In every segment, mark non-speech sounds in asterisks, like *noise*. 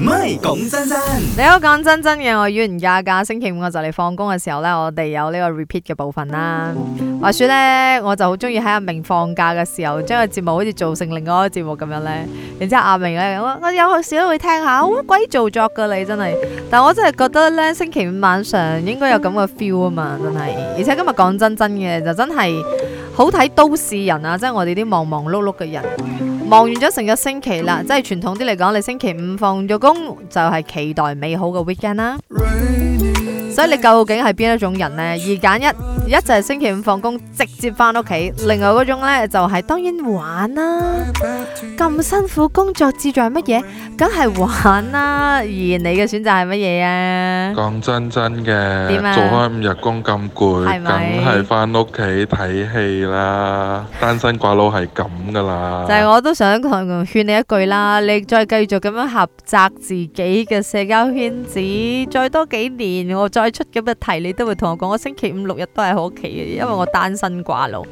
唔係講真真，你好，講真真嘅，我係袁假假，星期五我就嚟放工嘅時候咧，我哋有呢個 repeat 嘅部分啦。話說咧，我就好中意喺阿明放假嘅時候，將個節目好似做成另外一個節目咁樣咧。然之後阿明咧，我有時都會聽下，好鬼做作㗎你真係。但我真係覺得咧，星期五晚上應該有咁嘅 feel 啊嘛，真係。而且今日講真真嘅就真係好睇都市人啊，即係我哋啲忙忙碌碌嘅人。忙完咗成個星期啦，即係傳統啲嚟講，你星期五放咗工就係期待美好嘅 weekend 啦。所以你究竟係邊一種人呢？二揀一，一就係星期五放工直接翻屋企，另外嗰種呢，就係、是、當然玩啦、啊。咁辛苦工作志在乜嘢？梗係玩啦、啊。而你嘅選擇係乜嘢啊？講真真嘅，啊、做開五日工咁攰，梗係翻屋企睇戲啦。 *laughs* 單身寡佬係咁噶啦。就係我都想勸你一句啦，你再繼續咁樣狹窄自己嘅社交圈子，再多幾年我再再出咁嘅題，你都會同我講，我星期五六日都係喺屋企嘅，因為我單身寡佬。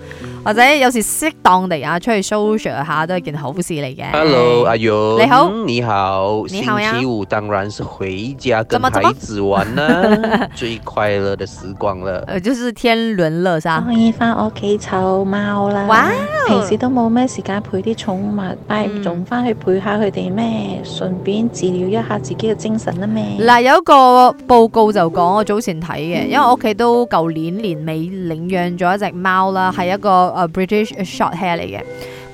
或者有時適當地啊出去 social 一下都係件好事嚟嘅。Hello，阿尤，你好，你好，你好呀。星期五當然是回家跟孩子玩啦，啊，麼 *laughs* 最快樂的時光了。呃、就是天倫樂，是啊。可以翻屋企湊貓啦。哇！Wow! 平時都冇咩時間陪啲寵，寵物，嗯、但係仲翻去陪下佢哋咩？順便治療一下自己嘅精神啊咩？嗱、呃，有一個報告就講我早前睇嘅，嗯、因為我屋企都舊年年尾領養咗一隻貓啦，係、嗯、一個。啊，British short hair 嚟嘅，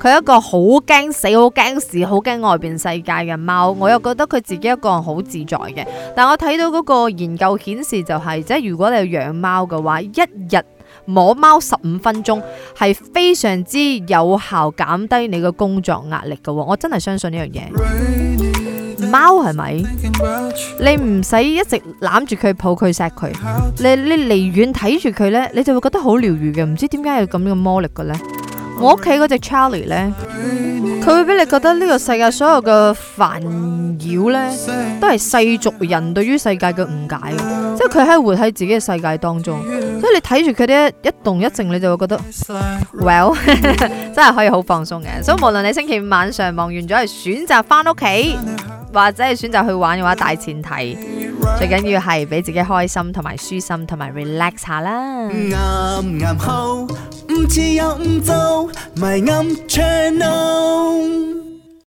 佢係一個好驚死、好驚事、好驚外邊世界嘅貓，我又覺得佢自己一個人好自在嘅。但我睇到嗰個研究顯示就係、是，即係如果你養貓嘅話，一日摸貓十五分鐘係非常之有效減低你嘅工作壓力嘅、哦。我真係相信呢樣嘢。貓係咪？你唔使一直攬住佢、抱佢、錫佢，你你離遠睇住佢呢，你就會覺得好療愈嘅。唔知點解有咁嘅魔力嘅呢。我屋企嗰隻 Charlie 呢，佢會俾你覺得呢個世界所有嘅煩擾呢，都係世俗人對於世界嘅誤解。即係佢喺活喺自己嘅世界當中，所以你睇住佢啲一動一靜，你就會覺得 Well， *laughs* 真係可以好放鬆嘅。所以無論你星期五晚上忙完咗，係選擇翻屋企。或者係選擇去玩嘅話，大前提最緊要係俾自己開心同埋舒心同埋 relax 下啦。嗯嗯嗯。